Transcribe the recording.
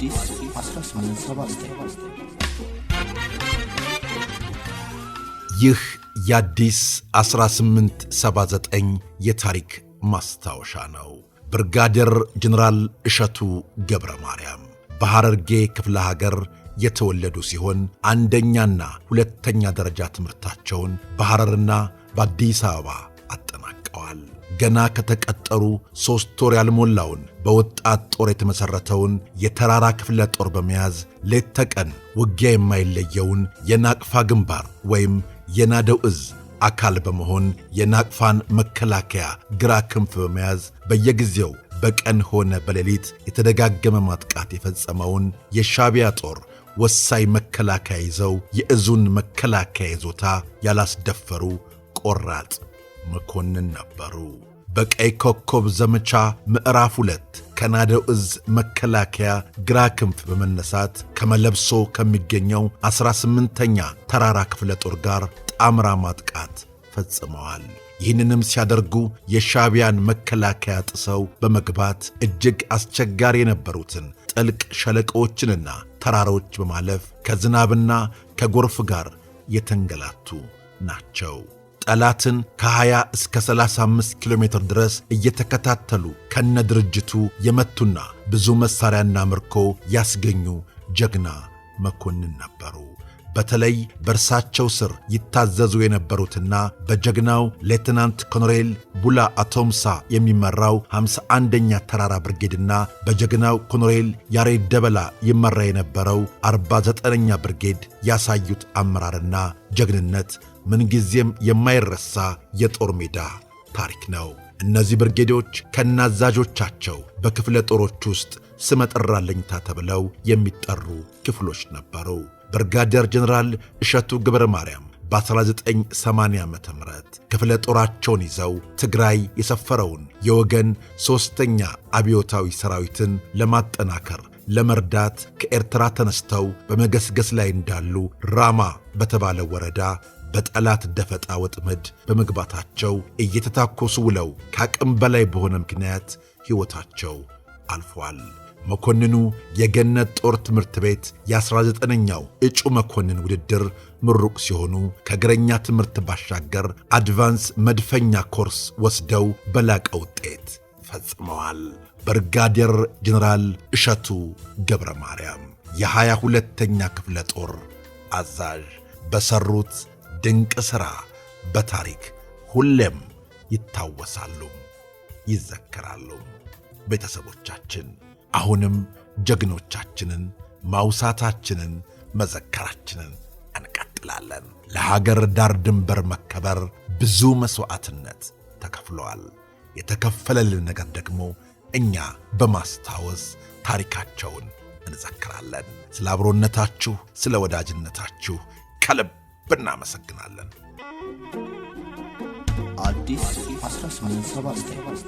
አዲስ 1879 ይህ የአዲስ 1879 የታሪክ ማስታወሻ ነው። ብርጋዴር ጀኔራል እሸቱ ገብረ ማርያም በሐረርጌ ክፍለ ሀገር የተወለዱ ሲሆን አንደኛና ሁለተኛ ደረጃ ትምህርታቸውን በሐረርና በአዲስ አበባ ጀምረዋል። ገና ከተቀጠሩ ሦስት ወር ያልሞላውን በወጣት ጦር የተመሠረተውን የተራራ ክፍለ ጦር በመያዝ ሌት ተቀን ውጊያ የማይለየውን የናቅፋ ግንባር ወይም የናደው እዝ አካል በመሆን የናቅፋን መከላከያ ግራ ክንፍ በመያዝ በየጊዜው በቀን ሆነ በሌሊት የተደጋገመ ማጥቃት የፈጸመውን የሻቢያ ጦር ወሳኝ መከላከያ ይዘው የእዙን መከላከያ ይዞታ ያላስደፈሩ ቆራጥ መኮንን ነበሩ። በቀይ ኮከብ ዘመቻ ምዕራፍ ሁለት ከናደው እዝ መከላከያ ግራ ክንፍ በመነሳት ከመለብሶ ከሚገኘው 18ኛ ተራራ ክፍለ ጦር ጋር ጣምራ ማጥቃት ፈጽመዋል። ይህንንም ሲያደርጉ የሻቢያን መከላከያ ጥሰው በመግባት እጅግ አስቸጋሪ የነበሩትን ጥልቅ ሸለቆዎችንና ተራሮች በማለፍ ከዝናብና ከጎርፍ ጋር የተንገላቱ ናቸው። ጠላትን ከ20 እስከ 35 ኪሎ ሜትር ድረስ እየተከታተሉ ከነ ድርጅቱ የመቱና ብዙ መሣሪያና ምርኮ ያስገኙ ጀግና መኮንን ነበሩ። በተለይ በእርሳቸው ስር ይታዘዙ የነበሩትና በጀግናው ሌትናንት ኮኖሬል ቡላ አቶምሳ የሚመራው 51ኛ ተራራ ብርጌድና በጀግናው ኮኖሬል ያሬድ ደበላ ይመራ የነበረው 49ኛ ብርጌድ ያሳዩት አመራርና ጀግንነት ምንጊዜም የማይረሳ የጦር ሜዳ ታሪክ ነው። እነዚህ ብርጌዶች ከናዛዦቻቸው በክፍለ ጦሮች ውስጥ ስመጥር አለኝታ ተብለው የሚጠሩ ክፍሎች ነበሩ። ብርጋዴር ጀኔራል እሸቱ ግብረ ማርያም በ1980 ዓ ም ክፍለ ጦራቸውን ይዘው ትግራይ የሰፈረውን የወገን ሦስተኛ አብዮታዊ ሰራዊትን ለማጠናከር ለመርዳት ከኤርትራ ተነስተው በመገስገስ ላይ እንዳሉ ራማ በተባለ ወረዳ በጠላት ደፈጣ ወጥመድ በመግባታቸው እየተታኮሱ ውለው ከአቅም በላይ በሆነ ምክንያት ሕይወታቸው አልፏል። መኮንኑ የገነት ጦር ትምህርት ቤት የ19ኛው እጩ መኮንን ውድድር ምሩቅ ሲሆኑ ከእግረኛ ትምህርት ባሻገር አድቫንስ መድፈኛ ኮርስ ወስደው በላቀ ውጤት ፈጽመዋል። ብርጋዴር ጀኔራል እሸቱ ገብረ ማርያም የሃያ ሁለተኛ ክፍለ ጦር አዛዥ በሰሩት ድንቅ ሥራ በታሪክ ሁሌም ይታወሳሉ፣ ይዘከራሉ። ቤተሰቦቻችን አሁንም ጀግኖቻችንን ማውሳታችንን መዘከራችንን እንቀጥላለን። ለሀገር ዳር ድንበር መከበር ብዙ መሥዋዕትነት ተከፍለዋል። የተከፈለልን ነገር ደግሞ እኛ በማስታወስ ታሪካቸውን እንዘክራለን። ስለ አብሮነታችሁ፣ ስለ ወዳጅነታችሁ ከልብ እናመሰግናለን። አዲስ 1879